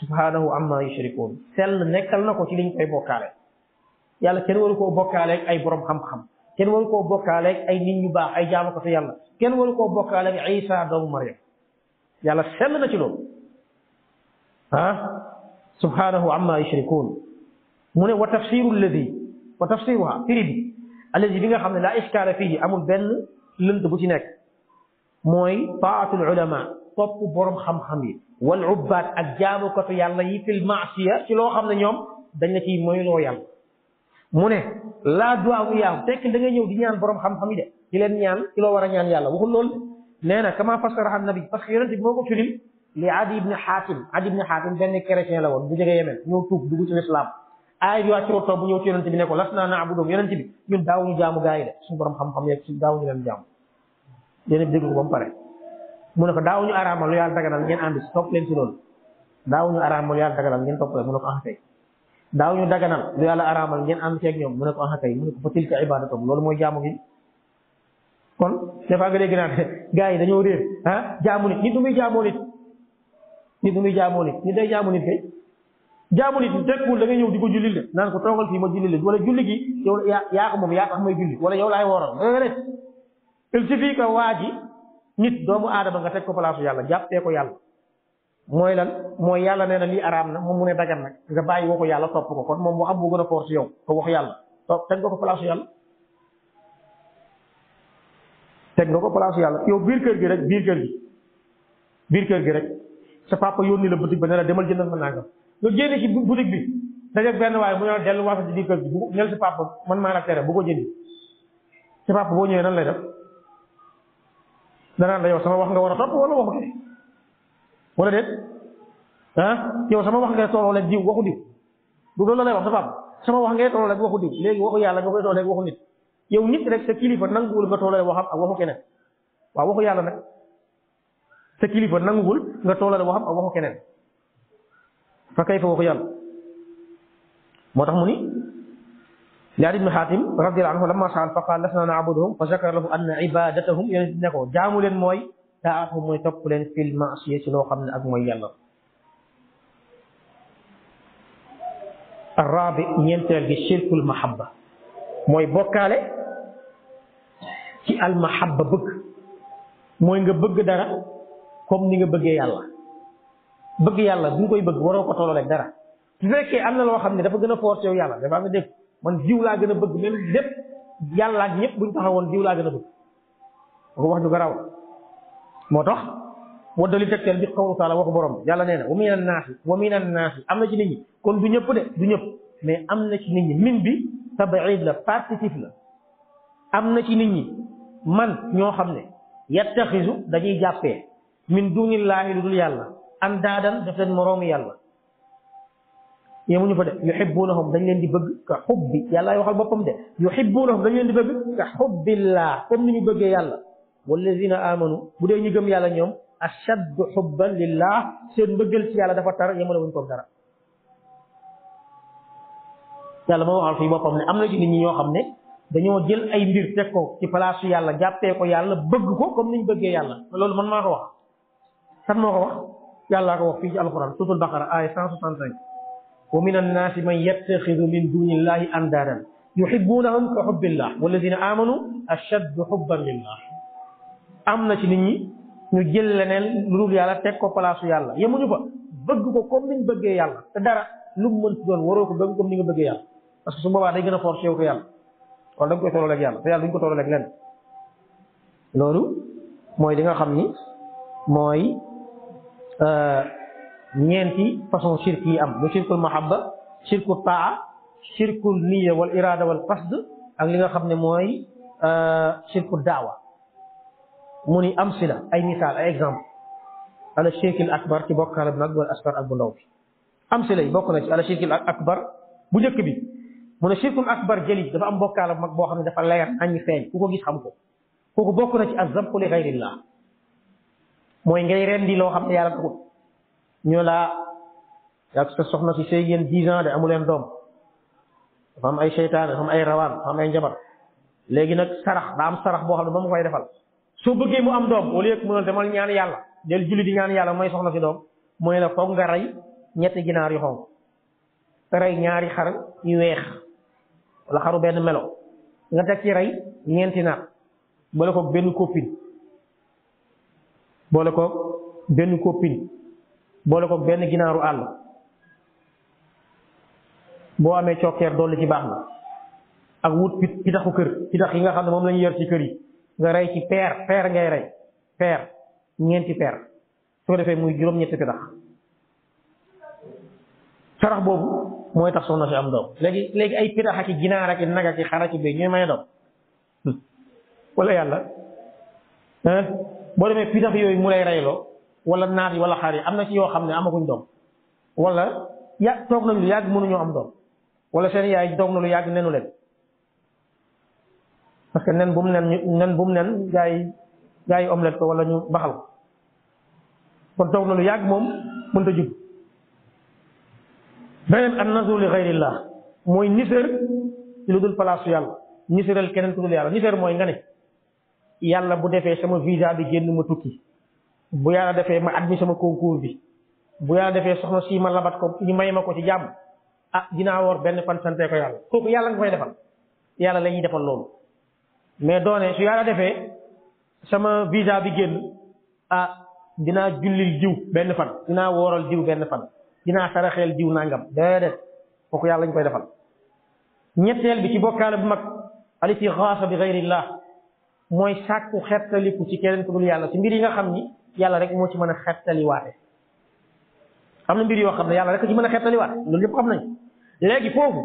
Speaker 1: subhanahu amma yushrikuun sell nekkal na ko ci liñ koy bokkaale yàlla kenn waru koo bokkaaleeg ay borom xam-xam kenn waru koo bokkaaleeg ay nit ñu baax ay jaamukatu yàlla kenn waru koo bokkaaleeg Isa doomu Mariam yàlla sell ci loolu ah? subhanahu amma yushrikun mu ne wa tafsiru alladi wa tafsiruha firi bi alladi bi nga xam ne laa iskaala fihi amul benn lënt bu ci nekk mooy taatul ulama topp borom xam-xam yi wal ubbaat ak jaamukatu yàlla yi fil maasiya ci loo xam ne ñoom dañ la ciy moyloo yàlla mu ne laa duwaawu yàlla tekk da ngay ñëw di ñaan borom xam-xam yi de di leen ñaan ci loo war a ñaan yàlla waxul loolu nee na kama fasaraha nabi parce que yonente bi moo ko firil li Adi ibn Hatim Adi ibn benn chrétien la woon bu jógee Yemen ñëw tuub dugg ci lislaam aaya bi wàcc rootoo bu ñëw ci yonent bi ne ko las naa na'buduhum yonent bi ñun daawuñu jaamu gaa yi de suñu borom xam-xam yeeg suñu daawuñu leen jaamu yéen bi mu ne ko daawuñu araamal lu yàlla daganal ngeen ànd si topp leen si loolu daawuñu araamal lu yàlla daganal ngeen topp leen mu ne ko ah, yàlla araamal ngeen ànd seeg ñoom mu ne ko ah kay mu ne ko fa mooy jaamu gi kon des fois nga yi dañoo réer ah jaamu nit nit du jaamoo nit nit mu ngi jaamoo nit nit day jaamu nit kay jaamu nit tekkul da ngay ñëw di ko julli le naan ko toogal fii ma julli le wala julli gi yow yaa ko moom yaa tax may julli wala yow laay wooral danga def il suffit que waa ji nit doomu aadama nga teg ko palaasu yàlla jàppee ko yàlla mooy lan mooy yàlla nee na lii araam na moom mu ne dagan nag nga bàyyi woo yàlla topp ko kon moom waxam bu gën a force yow ko wax yàlla topp teg nga ko palaasu yàlla nga ko palaasu yàlla yow biir kër gi rek biir kër gi gi sa papa yónni la boutique ba ne la demal jëndal ma nangam nga génne ci boutique bi dajeeg benn waaye mu ne la delluwaat a biir kër gi bu sa papa man maa la tere bu ko jëndi sa papa boo ñëwee nan la yow sama wax nga war a topp wala waxu ki wala déet ah yow sama wax nga tolloo leen diw waxu diw du loolu lay wax sa papa sama wax ngay tolloo leen waxu diw léegi waxu yàlla nga koy tolloo leen waxu nit yow nit rek sa kilifa nanguwul nga tolloo leen waxam ak waxu keneen waaw waxu yàlla nag sa kilifa nanguwul nga toolal waxam ak waxu keneen fa kayfa waxu yàlla moo tax mu ni لعلي بن حاتم رضي الله عنه لما سأل فقال لسنا نعبدهم فذكر له أن عبادتهم يعني نكو جامو لين موي تاعهم موي توب لين في المعصية لو خمنا أك موي يلا الرابع ينتهي الشرك المحبة موي بوكالي كي المحبة بك موي nga bëgg dara comme ni nga bëggee yàlla bëgg yàlla bu nga koy bëgg waroo ko tolloo dara su fekkee am na loo xam ne dafa gën a forcé yow yàlla dafa am dégg man diw laa gën a bëgg même lépp yàlla ak ñëpp buñ taxawoon diw laa gën a bëgg ko wax du garaw moo tax waddali tegteel bi xawlu taala waxu borom bi yàlla nee na wa min an naasi wa min an naasi am na ci nit ñi kon du ñëpp de du ñëpp mais am na ci nit ñi min bi tabaid la partitif la am na ci nit ñi man ñoo xam ne yattaxisu dañuy jàppee min dunillaahi lu dul yàlla an daadan def leen moroomu yàlla yemuñu fa de yuhibbunahum dañ leen di bëgg ka xubbi yàlla waxal boppam de yuhibbunahum dañ leen di bëgg ka xubbillah comme ni ñu bëggee yàlla walladina amanu bu dee ñu gëm yàlla ñoom ashaddu xubban lillah seen mbëggal yàlla dafa tar yemale wuñ ko dara yàlla moo waxal fii boppam ne am na ci nit ñi ñoo xam ne dañoo jël ay mbir teg ko ci place yàlla jàppee ko yàlla bëgg ko comme ni ñu bëggee yàlla loolu man maa ko kan moo ko wax yàllaa ko wax fii ci alxuraan suutul baqara aaya cent soixante cinq wa min annaasi man yattaxidu min duni illahi andaadan yuhibbunahum ka hubbillah walladina amanu ashaddu hubban lillah am na ci nit ñi ñu jël leneen lu dul yàlla teg ko palaasu yàlla yemuñu fa bëgg ko comme niñ bëggee yàlla te dara lu mu mën ci doon waroo ko bëgg comme ni nga bëggee yàlla parce que su boobaa day gën a forcé wu ko yàlla wala da nga koy tolloo ak yàlla te yàlla duñ ko tolloo ak lenn loolu mooy li nga xam ni mooy ñeenti façon shirk yi am mu shirkul mahabba shirkul taa shirkul niya wal irada wal qasd ak li nga xam ne mooy shirkul daawa mu ni am sila ay misaal ay exemple ala shirkil akbar ci bokkaale bu wal asgar ak bu ndaw bi am sila yi bokk na ci ala shirkil akbar bu njëkk bi mu ne shirkul akbar jëli dafa am bokkaale bu mag boo xam ne dafa leer nañu feeñ ku ko gis xam ko kooku bokk na ci azabku li xayrillah mooy ngay rendi loo xam ne yàlla taxut ñu laa soxna si sëy ngeen dix ans de amu leen doom dafa am ay seytaane dafa am ay rawaan dafa am ay njabar léegi nag sarax daa am sarax boo xam ne ba mu koy defal su bëggee mu am doom au lieu que mënal demal ñaan yàlla del julli di ñaan yàlla mooy soxna si doom mooy la foog nga rey ñetti ginaar yu xonq rey ñaari xar yu weex wala xaru benn melo nga teg ci rey ñeenti naat bale ko benn copine boole koog benn copine boole koog benn ginaaru àll boo amee cokkeer dolli ci baax na ak wut pitaxu kër pitax yi nga xam ne moom la ñu yor ci kër yi nga rey ci peer peer ngay rey peer ñeenti peer su ko defee muy juróom-ñetti pitax sarax boobu mooy tax soxna si am doom léegi léegi ay pitax ak i ginaar ak i nag ak i xar ak béy ñooy may doom wala yàlla boo demee pitax yooyu mu lay reyloo wala naat yi wala xaar yi am na ci yoo xam ne amaguñ doom walla ya toog nañu lu yàgg mënuñoo am doom wala seen yaay toog na lu yàgg nenu leen parce que nen bu mu nen nen bu gaa yi gaa yi omelette ko wala ñu baxal ko kon toog na lu yàgg moom mënta jub beneen an nasu li xayrillah mooy niséer ci lu dul palaasu yàlla niséeral keneen ku dul yàlla niséer mooy nga ne yàlla bu defee sama visa bi génn ma tukki bu yàlla defee ma admis sama concours bi bu yàlla defee soxna si ma labat ko ñu may ma ko ci jàmm ah dinaa woor benn fan sante ko yàlla kooku yàlla nga koy defal yàlla la ñuy loolu mais doone su defee sama visa bi génn ah dinaa jullil jiw benn fan dinaa wooral jiw benn fan dinaa saraxeel jiw nangam déedéet kooku yàlla lañ koy defal ñetteel bi ci bokkaale bu mag alistixaasa bi gayrillah mooy sàkku xettaliku ci keneen ku dul yàlla ci mbir yi nga xam ni yàlla rek moo ci mën a xettaliwaate am na mbir yoo xam ne yàlla rek ci mën a xettaliwaate loolu yëpp xam nañ léegi foofu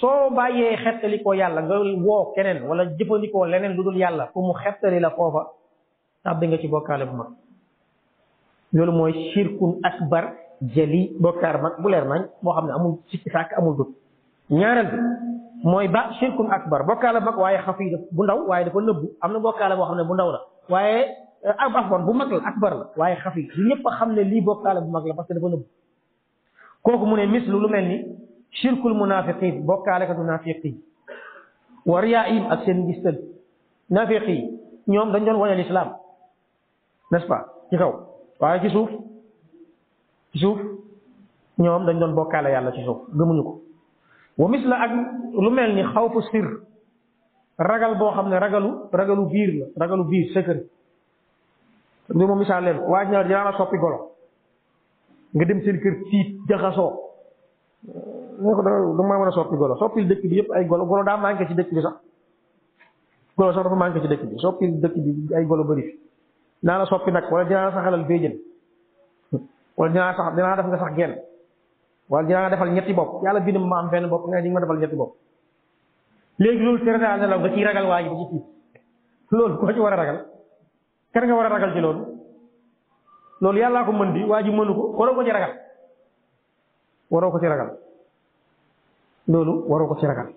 Speaker 1: soo bàyyee xettalikoo yàlla nga woo keneen wala jëfandikoo leneen lu dul yàlla pour mu xettali la foofa tàbbi nga ci bokkaale bu mag loolu mooy shirkun akbar jëli bokkaar mag bu leer nañ moo xam ne amul sikki sàkk amul dut ñaareel bi moy ba shirkun akbar bokala bu waye waaye bu ndaw waye dafa neub amna bokala bo xamne bu ndaw la waye ab afwan bu mag la akbar la waye xafi du ñëpp xamne li bokala bu mag la parce que dafa neub koku mune mislu lu melni shirkul munafiqin bokala ka naafiq wa riyaayim ak sen gistal nafiqi ñom dañ doon wone l'islam n'est-ce pas ci kaw waye ci suuf ci suuf ñom dañ doon bokala yàlla ci suuf gëmuñu ko wa la ak lu mel ni xaw xawfu sir ragal boo xam ne ragalu ragalu biir la ragalu biir secret ñu ma misaal waa ñaar dinaa la soppi golo nga dem seen kër tiit jaxasoo ne ko da ma mën soppi golo dëkk bi yëpp ay golo golo daa manqué ci dëkk bi sax golo sax dafa manqué ci dëkk bi soppil dëkk bi ay golo bëri dinaa la soppi nag wala dinaa la saxalal béjjën wala dinaa sax dinaa def nga sax genn wala dinaa defal ñetti bopp yàlla bind ma am benn bopp nga ne di nga defal ñetti bopp léegi loolu tere naa nelaw nga ciy ci loolu koo ci war a ragal kan nga war a ragal ci loolu loolu yàllaa ko mën di waa ji mënu ko waroo ko ci ragal waroo ko ci ragal loolu waroo ko ci ragal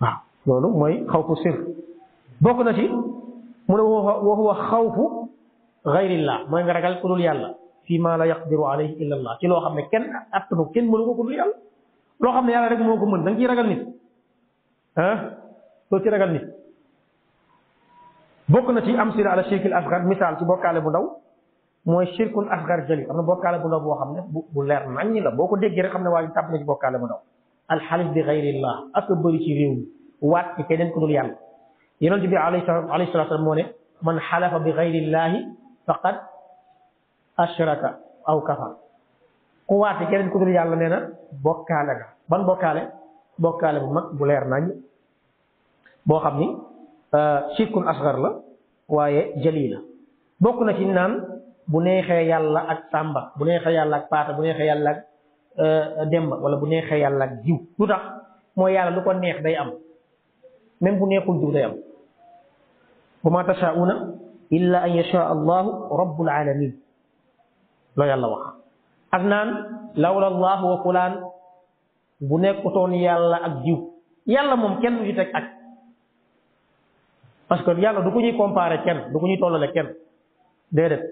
Speaker 1: waaw loolu mooy xawfu sir bokk na ci mu ne wa huwa xawfu xayrillah mooy nga ragal ku dul yàlla fi ma la yaqdiru alayhi illa allah ci loo xam ne kenn attanu kenn mënu ko ko loo xam ne yàlla rek moo ko mën da nga ciy ragal nit ah doo ci ragal nit bokk na ci am sila ala shirkil asgar misaal ci bokkaale bu ndaw mooy shirkun asgar jëli am na bokkaale bu ndaw boo xam ne bu bu leer naññi la boo ko déggee rek xam ne waa ji tàpp ci bokkaale bu ndaw alxalif bi gayrillah ak a bëri ci réew mi waat ci keneen ku dul yàlla bi alayhi salaatu wa salaam moo ne man xalafa bi gayrillahi faqad ashraka aw kafar ku waate keneen ku dul yàlla nee na bokkaale nga ban bokkaale bokkaale bu mag bu leer nañ boo xam ni euh, shirkun asgar la waaye jali bokk na ci naan bu neexee yàlla ak sàmba bu neexee yàlla ak paata bu neexee yàlla ak euh, demba wala bu neexee yàlla ak jiw lu tax mooy yàlla lu ko neex day am même bu neexul jiw day am wa ma tashauna illa an yasha allahu rabbul alamin la yàlla wax ak naan lawla allah wa fulaan bu nekkutoon yàlla ak jiw yàlla moom kenn du ci teg ak parce que yàlla du ko ñuy comparer kenn du ko ñuy tollale kenn déedéet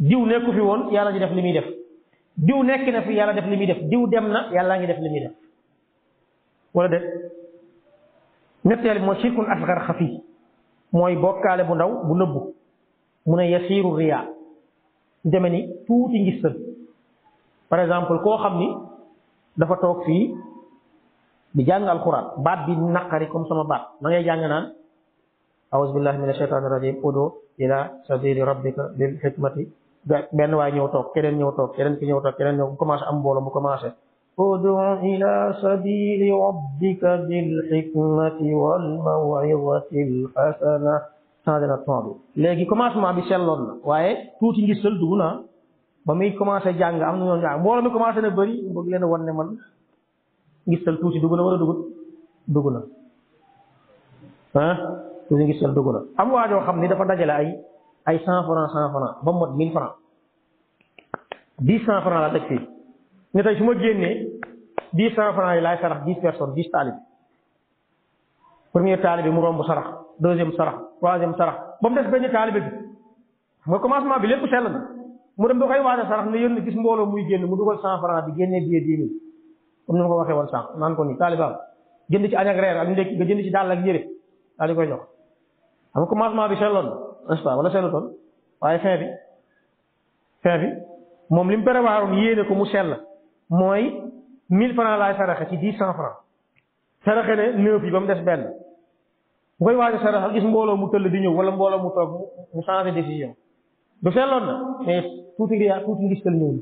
Speaker 1: jiw nekku fi woon yàlla di def li muy def jiw nekk na fi yàlla def li muy def jiw dem na yàlla ngi def li muy def wala déet ñetteel bi mooy shirkun asgar xafi mooy bokkaale bu ndaw bu nëbbu mu ne yasiru riyaa deme ni tuuti ngistal par exemple koo xam ni dafa toog fii di jàng alxuraan baat bi naqari comme sama baat ma ngay jàng naan aouzu billahi min ashaytani rajim udu ila sabili rabbika bil hikmati benn waay ñëw toog keneen ñëw toog keneen ki ñëw toog keneen ñëw commencé am mbooloo mu commencé udu ila sabili rabbika bil hikmati wal mawizati al hasana changé na temps bi léegi commencement bi selloon na waaye tuuti ngi sël dugg naa ba muy commencé jàng am na ñoo jàng mbooloo mi commencé na bëri bëgg leen a ne man ngi sël tuuti dugg na wala dugut dugg na ah tuuti ngi sël dugg na am waajoo xam ni dafa dajale ay ay cent franc cent franc ba mot mille franc dix cent franc la teg fii ne tey su ma génnee dix cent franc yi laay sarax dix personnes dix taalib premier taalibe mu romb sarax deuxième sarax troisième sarax ba mu des benn taalibe bi mooy commencement bi lépp sell na mu dem ba koy waaj a sarax ne yéen gis mbooloo muy génn mu dugal cent franc bi génnee billet dix mille comme ni ma ko waxee woon sànq naan ko ni taalibaam jënd ci añ ak reer ak ndékki nga jënd ci koy jox xam nga bi selloon n'est-ce pas wala sellutoon waaye fin bi fin bi moom li mu prévoiroon yéene ko mu sell mooy mille franc laay saraxe ci dix cent franc saraxe ne neuf yi ba bu koy waaj a gis mbooloo mu tëll di ñëw wala mbooloo mu toog mu changé décision du felloon na mais tuuti nga yaa tuuti ngis tël ñëw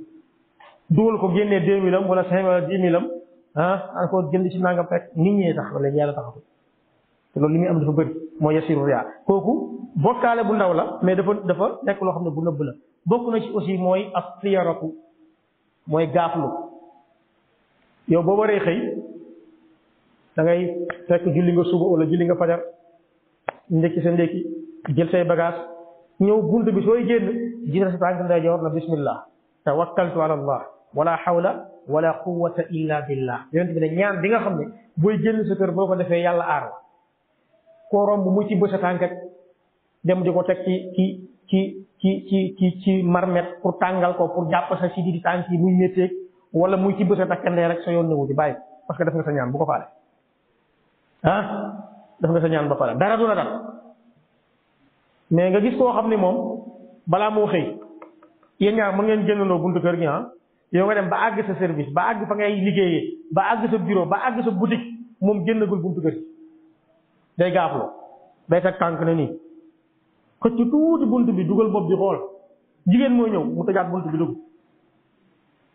Speaker 1: dugal ko génnee deux mille am wala cinq mille dix mille am ah encore jënd ci nangam rek nit ñee tax wala yàlla taxatu loolu muy am dafa bëri mooy yasiru riyaa kooku bokkaale bu ndaw la mais dafa dafa nekk xam ne bu nëbb la bokk na ci aussi mooy ak siyaratu mooy gaaflu yow boo waree xëy da ngay fekk julli nga ndékki sa ndékki jël say bagage ñëw bunt bi sooy génn jiital sa tànk ndeyjoor na bismillah tawakkaltu ala allah wala hawla wala quwwata illa billah yonent bi ne ñaan bi nga xam ne booy génn sa kër boo ko defee yàlla aar la koo romb mu ci bës a tànk dem di ko teg ci ci ci ci ci ci ci marmet pour tàngal ko pour jàpp sa si di tànk yi muy métteeg wala muy ci bës a takkandee rek sa yoon newu di bàyyi parce que def nga sa ñaan bu ko faale ah def nga sa ñaan ba pare dara du la dal mais nga gis koo xam ni moom balaa moo xëy yéen ñaar mën ngeen jëndandoo buntu kër gi ah yow nga dem ba àgg sa service ba àgg fa ngay liggéeyee ba àgg sa bureau ba àgg sa boutique moom génnagul buntu kër gi day gaafloo day teg tànk ne nii xëcc tuuti buntu bi dugal bopp bi xool jigéen mooy ñëw mu tëjaat buntu bi dugg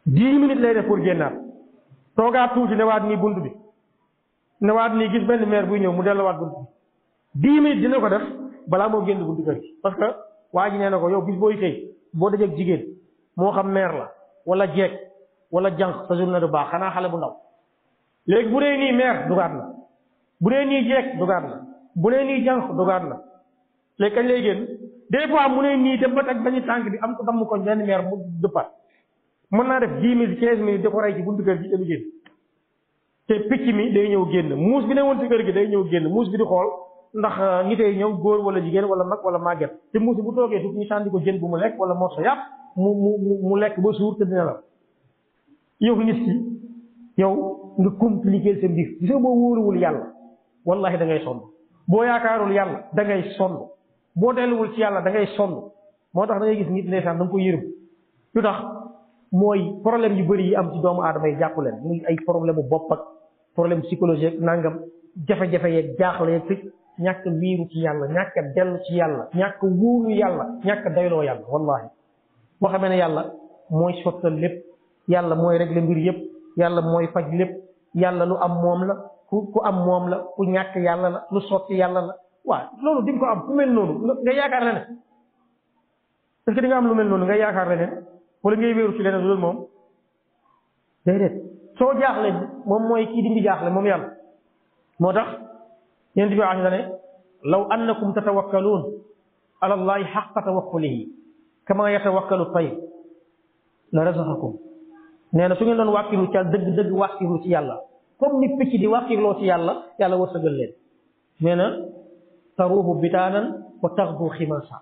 Speaker 1: dix minutes lay def pour génnaat toogaat tuuti newaat nii buntu bi. newaat nii gis benn maire buy ñëw mu delluwaat buntu dix minutes dina ko def balaa moo génn buntu kër gi parce que waa ji nee na ko yow bis booy xëy boo dajeeg jigéen moo xam maire la wala jeeg wala jànq sa journée du baax xanaa xale bu ndaw léegi bu dee nii maire dugaat na bu dee nii jeeg dugaat na bu dee nii jànq dugaat na léegi kañ lay génn des fois mu ne nii dem ba teg dañuy tànk bi am ko damm koñ benn maire mu dëppaat mën naa def dix minutes quinze minutes da ko rey ci buntu kër gi dañu génn te picc mi day ñëw génn muus bi ne woon ci kër gi day ñëw génn muus bi di xool ndax euh, nitey ñëw góor wala jigéen wala mag wala màgget te muus bi bu toogee tuuti ñu sànni ko jën bu mu lekk wala morso yàpp mu mu mu lekk ba suur te dina la yow nit ki yow nga compliqué sa mbir gis nga boo wóoruwul yàlla wallahi da ngay sonn boo yaakaarul yàlla dangay ngay sonn boo delluwul ci yàlla da ngay sonn moo tax da gis nit ne da nga ko yërëm lu tax mooy problème yu bëri yi am ci doomu aadama yi jàpp leen ay problème bu bopp ak problème psychologique nangam jafe-jafe yeeg jaaxle yeeg fit ñàkk wiiru ci yàlla ñàkk a dellu ci yàlla ñàkk a yàlla ñàkk a dayloo yàlla wallahi boo xamee ne yàlla mooy sottal lépp yàlla mooy régler mbir yëpp yàlla mooy faj lépp yàlla lu am moom la ku ku am moom la ku ñàkk yàlla la lu sotti yàlla la waaw loolu di nga ko am ku mel noonu nga yaakaar leneen est que di am lu mel noonu nga yaakaar leneen wala ngay wéeru ci leneen lu dul moom déedéet soo jaaxle moom mooy kii dindi jaaxle moom yàlla moo tax yéen bi wax na ne law annakum tatawakkaluun ala allahi xaqa tawakkulihi kama yatawakkalu tayr la razaqakum nee na su ngeen doon wàkkilu ca dëgg-dëgg wàkkilu ci yàlla comme ni picc di wàkkiloo ci yàlla yàlla wërsëgal leen nee na taruuhu bitaanan wa taxdu ximaasa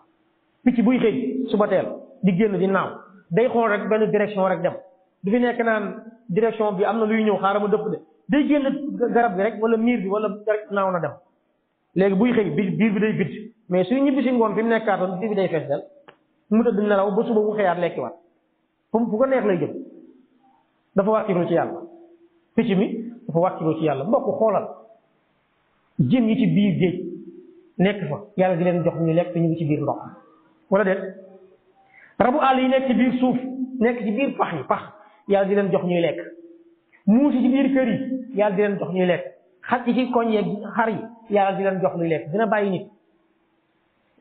Speaker 1: picc buy xëy suba teel di génn di naaw day xool rek benn direction rek dem du fi nekk naan direction bi am na luy ñëw xaaral ma dëpp de day génn garab gi rek wala miir bi wala rek naaw na dem léegi buy xëy bi biir bi day bit mais suy ñibbi si ngoon fi mu nekkaatoon biir bi day fees del mu tëdd nelaw ba suba bu xëyaat lekki waat comme fu ko neex lay jëm dafa wàccilu ci yàlla picc mi dafa wàccilu yàlla mbokk xoolal jën yi ci biir géej nekk fa yàlla di leen jox ñu lekk ñu ngi ci biir ndox wala déet rabu àll yi nekk ci biir suuf nekk ci biir pax yi pax yàlla di leen jox ñuy lekk muus yi ci biir kër yi yàlla di leen jox ñuy lekk xar yi ci koñ yàlla di leen jox ñuy lekk dina bàyyi nit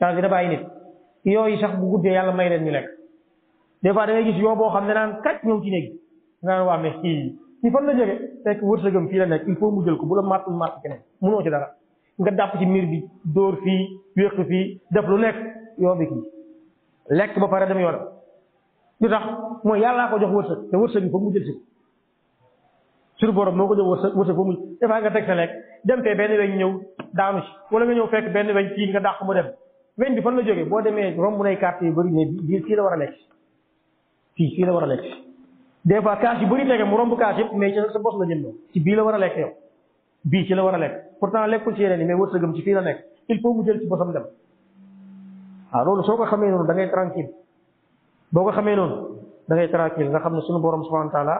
Speaker 1: yàlla dina bàyyi nit yooyu sax bu guddee yàlla may leen ñu lekk des fois da gis yoo boo xam ne naan kàcc ñëw ci néeg nga naan waa mais kii ci fan la jóge fekk wërsëgam fii la nekk il faut jël ko bu la màttul màtt keneen munoo ci dara nga dàpp ci miir bi dóor fii wéq fii def lu nekk yoo bi kii lekk ba pare dem yoonam li tax mooy yàllaa ko jox wërsëg te wërsëg bi foofu mu jël si ko moo ko jox wërsëg wërsëg foofu mu dafaa nga teg sa lekk dem fee benn weñ ñëw daanu ci wala nga ñëw fekk benn dàq mu dem weñ bi fan la jógee boo demee romb nay carte yu bëri ne bii fii la war a lekk fii fii la war a lekk des fois kaas yu bëri tege mu romb kaas yëpp mais ci la ci bii la war a lekk yow bii ci la war a lekk pourtant lekkul ci yeneen yi mais wërsëgam ci fii la nekk il faut mu jël ci bosam dem waaw ah, loolu soo ko xamee noonu da ngay tranquille boko xamé non da ngay tranquille nga xamné sunu borom subhanahu wa taala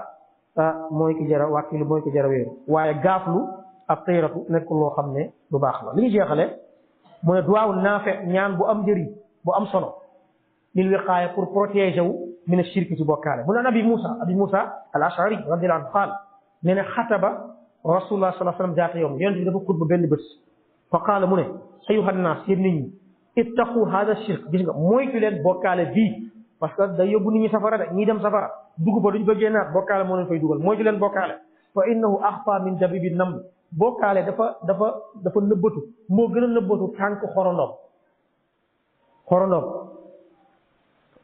Speaker 1: ah moy ki jara wàkkilu moy ki jara wéeru waye gaflu ak tayratu nek lo xamné ne lu baax la li jéxalé moy mu ne duwaaw ñaan bu am jëri bu am solo lil wiqaya pour protéger wu min ash-shirk ci bokale mu naan abi Moussa abi musa al ashari radiallahu anhu qaal nee khataba rasulullah sallallahu alayhi wasallam jaata yowm yonent bi dafa xutba benn beus fa qala mu ne ayuha nnaas yéen nit ñi ittaqu hada shirk gis nga moy ki len bokale bi parce que day yóbbu nit ñi safara de ñii dem safara dugg fa duñ fa génnaat bokkaale moo leen fay dugal mooy ci leen bokkaale fa innahu axfa min dabibi naml bokkaale dafa dafa dafa nëbbatu moo gën a nëbbatu tànk xorondoom xorondoom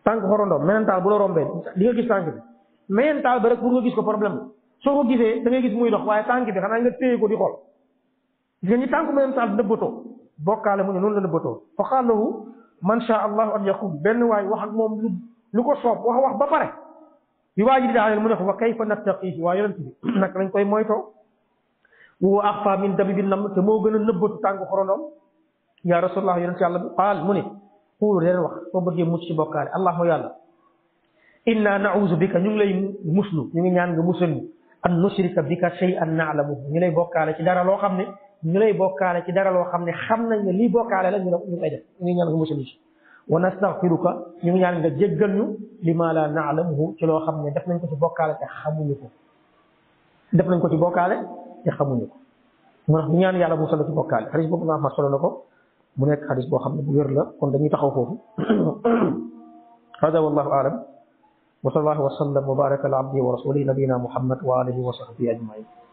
Speaker 1: tànk xorondoom menentaal bu la rombee li gis tànk bi menentaal ba rek pour nga gis ko problème la soo ko gisee da ngay gis muy dox waaye tànk bi xanaa nga téye ko di xool gis nga ñi tànk menentaal nëbbatoo bokkaale mu ne noonu la nëbbatoo fa xaalahu man sha lu ko soob wax wax ba pare bi waa ji mu ne ko fa kayfa nattaqihi waa yonent bi nag lañ koy moytoo wa axfa min dabibi nam te moo gën a nëbbatu tàngu xorondoom yaa rasulallah yonent yàlla bi qaal mu ne xuulu leen wax soo bëggee mucc ci bokkaale allahuma yàlla inna nauzu bika ñu ngi lay muslu ñu ngi ñaan nga musul ñu an nushrika bika shay'an na'lamuhu ñu lay bokkaale ci dara loo xam ne ñu lay bokkaale ci dara loo xam ne xam nañ ne lii bokkaale la ñu ñu koy def ونستغفرك نيو نيان نغا جيغال نيو لما لا نعلمه تي لو خامني داف نانكو تي بوكال تي خامو نيو داف نانكو تي بوكال تي خامو نيو مو نخ نيان يالا بو سالو تي بوكال حديث بو ما فصلو نكو مو نيك حديث بو خامني بو وير لا كون داني تاخو فوفو هذا والله اعلم وصلى الله وسلم وبارك على عبده ورسوله نبينا محمد وآله وصحبه اجمعين